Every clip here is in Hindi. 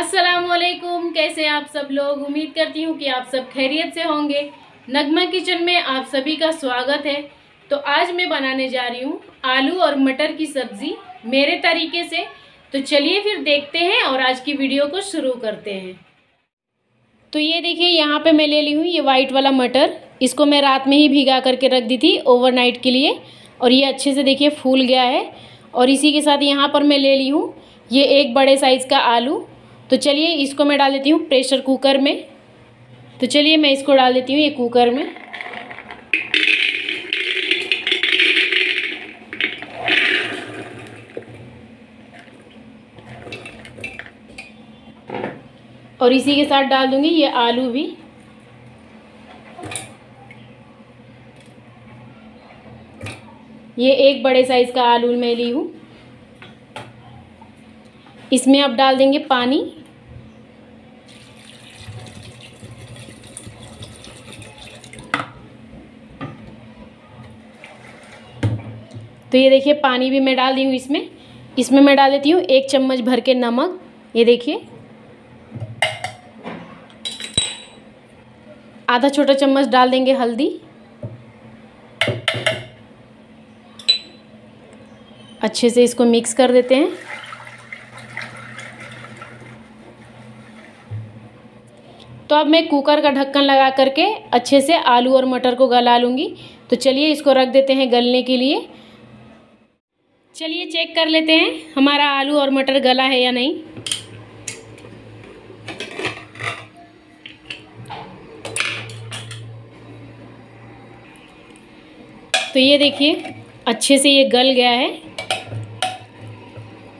असलकुम कैसे आप सब लोग उम्मीद करती हूँ कि आप सब खैरियत से होंगे नगमा किचन में आप सभी का स्वागत है तो आज मैं बनाने जा रही हूँ आलू और मटर की सब्ज़ी मेरे तरीके से तो चलिए फिर देखते हैं और आज की वीडियो को शुरू करते हैं तो ये देखिए यहाँ पे मैं ले ली हूँ ये वाइट वाला मटर इसको मैं रात में ही भिगा करके रख दी थी ओवरनाइट के लिए और ये अच्छे से देखिए फूल गया है और इसी के साथ यहाँ पर मैं ले ली हूँ ये एक बड़े साइज़ का आलू तो चलिए इसको मैं डाल देती हूँ प्रेशर कुकर में तो चलिए मैं इसको डाल देती हूँ ये कुकर में और इसी के साथ डाल दूंगी ये आलू भी ये एक बड़े साइज़ का आलू मैं ली हूँ इसमें अब डाल देंगे पानी तो ये देखिए पानी भी मैं डाल दी हूँ इसमें इसमें मैं डाल देती हूँ एक चम्मच भर के नमक ये देखिए आधा छोटा चम्मच डाल देंगे हल्दी अच्छे से इसको मिक्स कर देते हैं तो अब मैं कुकर का ढक्कन लगा करके अच्छे से आलू और मटर को गला लूँगी तो चलिए इसको रख देते हैं गलने के लिए चलिए चेक कर लेते हैं हमारा आलू और मटर गला है या नहीं तो ये देखिए अच्छे से ये गल गया है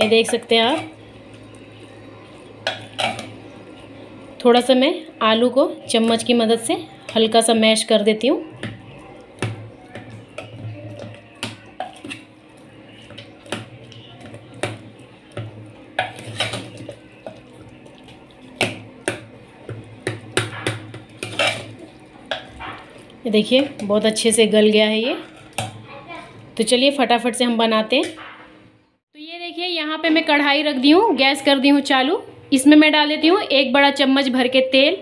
ये देख सकते हैं आप थोड़ा सा मैं आलू को चम्मच की मदद से हल्का सा मैश कर देती हूँ ये देखिए बहुत अच्छे से गल गया है ये तो चलिए फटाफट से हम बनाते हैं तो ये देखिए यहाँ पे मैं कढ़ाई रख दी हूँ गैस कर दी हूँ चालू इसमें मैं डाल देती हूँ एक बड़ा चम्मच भर के तेल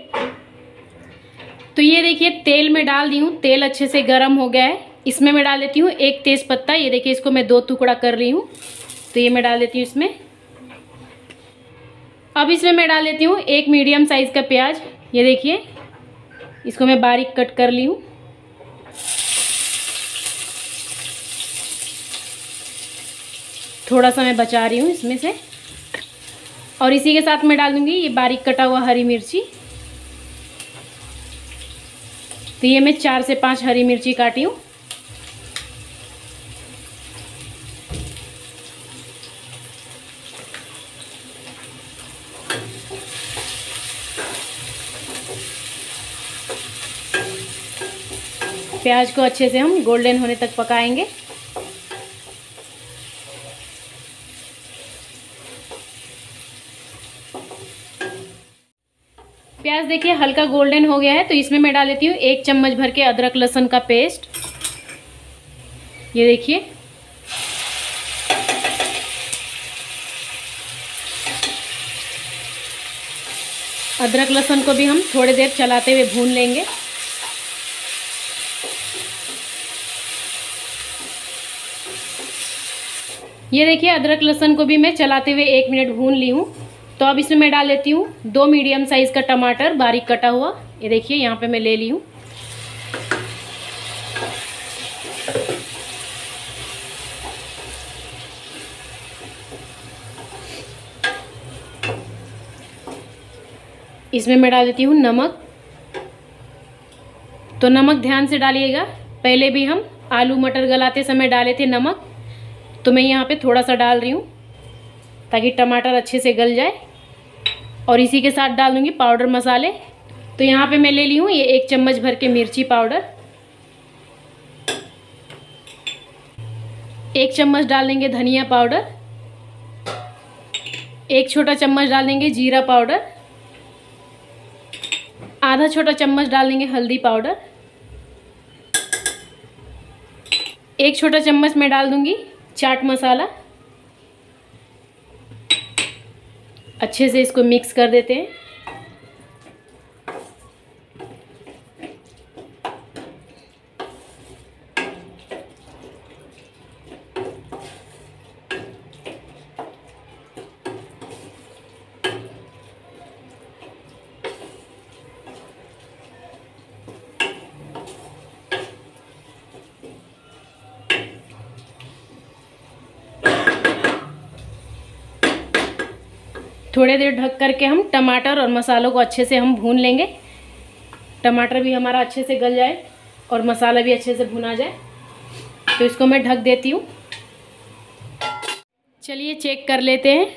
तो ये देखिए तेल में डाल दी हूँ तेल अच्छे से गर्म हो गया है इसमें मैं डाल देती हूँ एक तेज़ पत्ता ये देखिए इसको मैं दो टुकड़ा कर रही हूँ तो ये मैं डाल देती हूँ इसमें अब इसमें मैं डाल देती हूँ एक मीडियम साइज़ का प्याज ये देखिए इसको मैं बारीक कट कर ली हूँ थोड़ा सा मैं बचा रही हूँ इसमें से और इसी के साथ मैं डाल दूँगी ये बारीक कटा हुआ हरी मिर्ची तो ये मैं चार से पांच हरी मिर्ची काटी हूँ प्याज को अच्छे से हम गोल्डन होने तक पकाएंगे प्याज देखिए हल्का गोल्डन हो गया है तो इसमें मैं डाल लेती हूँ एक चम्मच भर के अदरक लहसुन का पेस्ट ये देखिए अदरक लहसुन को भी हम थोड़ी देर चलाते हुए भून लेंगे ये देखिए अदरक लहसन को भी मैं चलाते हुए एक मिनट भून ली हूँ तो अब इसमें मैं डाल लेती हूँ दो मीडियम साइज़ का टमाटर बारीक कटा हुआ ये देखिए यहाँ पे मैं ले ली हूँ इसमें मैं डाल देती हूँ नमक तो नमक ध्यान से डालिएगा पहले भी हम आलू मटर गलाते समय डाले थे नमक तो मैं यहाँ पे थोड़ा सा डाल रही हूँ ताकि टमाटर अच्छे से गल जाए और इसी के साथ डाल दूँगी पाउडर मसाले तो यहाँ पे मैं ले ली हूँ ये एक चम्मच भर के मिर्ची पाउडर एक चम्मच डाल देंगे धनिया पाउडर एक छोटा चम्मच डाल देंगे जीरा पाउडर आधा छोटा चम्मच डाल देंगे हल्दी पाउडर एक छोटा चम्मच मैं डाल दूंगी चाट मसाला अच्छे से इसको मिक्स कर देते हैं थोड़ी देर ढक करके हम टमाटर और मसालों को अच्छे से हम भून लेंगे टमाटर भी हमारा अच्छे से गल जाए और मसाला भी अच्छे से भुना जाए तो इसको मैं ढक देती हूँ चलिए चेक कर लेते हैं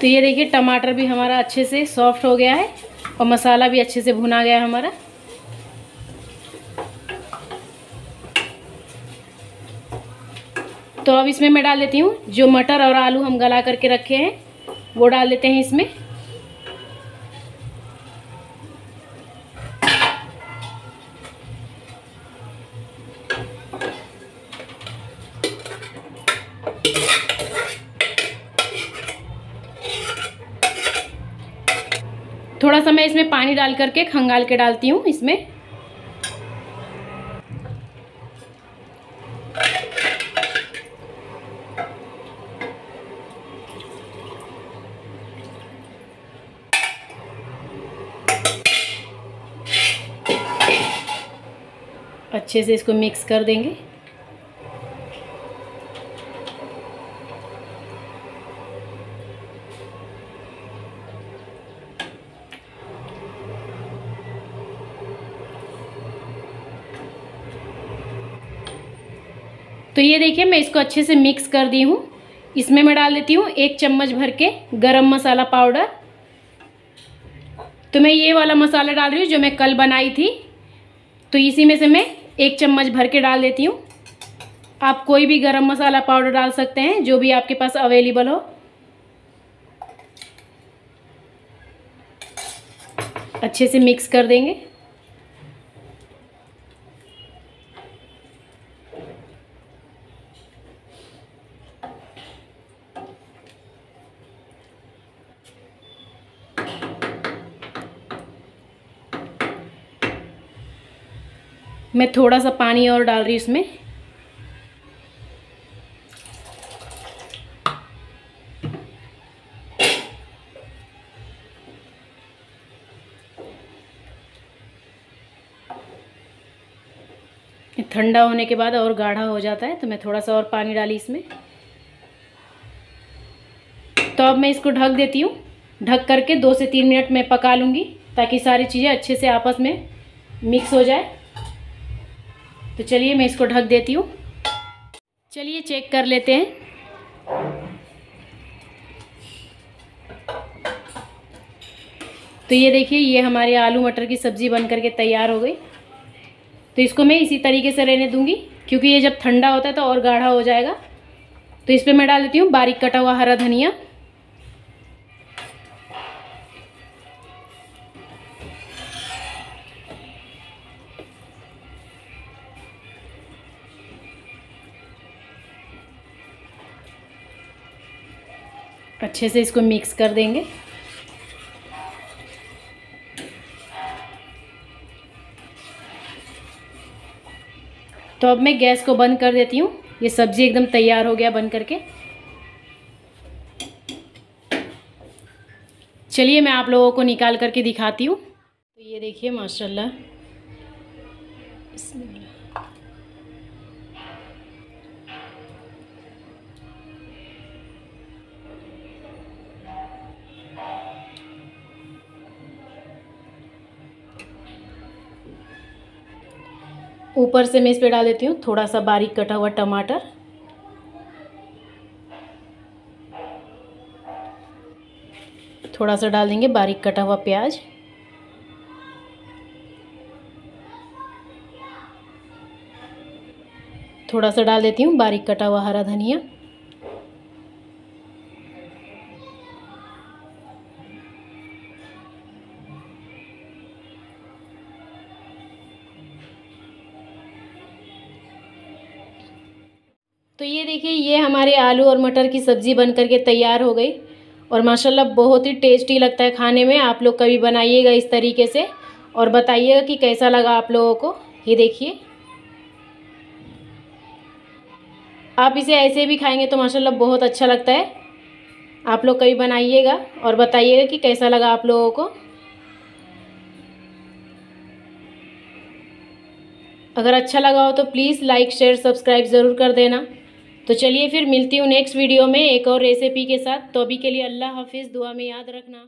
तो ये देखिए टमाटर भी हमारा अच्छे से सॉफ्ट हो गया है और मसाला भी अच्छे से भुना गया है हमारा तो अब इसमें मैं डाल देती हूँ जो मटर और आलू हम गला करके रखे हैं वो डाल देते हैं इसमें थोड़ा सा मैं इसमें पानी डाल करके खंगाल के डालती हूँ इसमें अच्छे से इसको मिक्स कर देंगे तो ये देखिए मैं इसको अच्छे से मिक्स कर दी हूँ इसमें मैं डाल देती हूँ एक चम्मच भर के गरम मसाला पाउडर तो मैं ये वाला मसाला डाल रही हूँ जो मैं कल बनाई थी तो इसी में से मैं एक चम्मच भर के डाल देती हूँ आप कोई भी गरम मसाला पाउडर डाल सकते हैं जो भी आपके पास अवेलेबल हो अच्छे से मिक्स कर देंगे मैं थोड़ा सा पानी और डाल रही हूँ इसमें ठंडा होने के बाद और गाढ़ा हो जाता है तो मैं थोड़ा सा और पानी डाली इसमें तो अब मैं इसको ढक देती हूँ ढक करके दो से तीन मिनट में पका लूँगी ताकि सारी चीज़ें अच्छे से आपस में मिक्स हो जाए तो चलिए मैं इसको ढक देती हूँ चलिए चेक कर लेते हैं तो ये देखिए ये हमारे आलू मटर की सब्ज़ी बन करके तैयार हो गई तो इसको मैं इसी तरीके से रहने दूँगी क्योंकि ये जब ठंडा होता है तो और गाढ़ा हो जाएगा तो इस पर मैं डाल देती हूँ बारीक कटा हुआ हरा धनिया अच्छे से इसको मिक्स कर देंगे तो अब मैं गैस को बंद कर देती हूँ ये सब्ज़ी एकदम तैयार हो गया बंद करके चलिए मैं आप लोगों को निकाल करके दिखाती हूँ तो ये देखिए माशाल्लाह ऊपर से मैं इस पर डाल देती हूँ थोड़ा सा बारीक कटा हुआ टमाटर थोड़ा सा डाल देंगे बारीक कटा हुआ प्याज थोड़ा सा डाल देती हूँ बारीक कटा हुआ हरा धनिया तो ये देखिए ये हमारे आलू और मटर की सब्ज़ी बन करके तैयार हो गई और माशाल्लाह बहुत ही टेस्टी लगता है खाने में आप लोग कभी बनाइएगा इस तरीके से और बताइएगा कि कैसा लगा आप लोगों को ये देखिए आप इसे ऐसे भी खाएंगे तो माशाल्लाह बहुत अच्छा लगता है आप लोग कभी बनाइएगा और बताइएगा कि कैसा लगा आप लोगों को अगर अच्छा लगा हो तो प्लीज़ लाइक शेयर सब्सक्राइब ज़रूर कर देना तो चलिए फिर मिलती हूँ नेक्स्ट वीडियो में एक और रेसिपी के साथ तो अभी के लिए अल्लाह हाफिज़ दुआ में याद रखना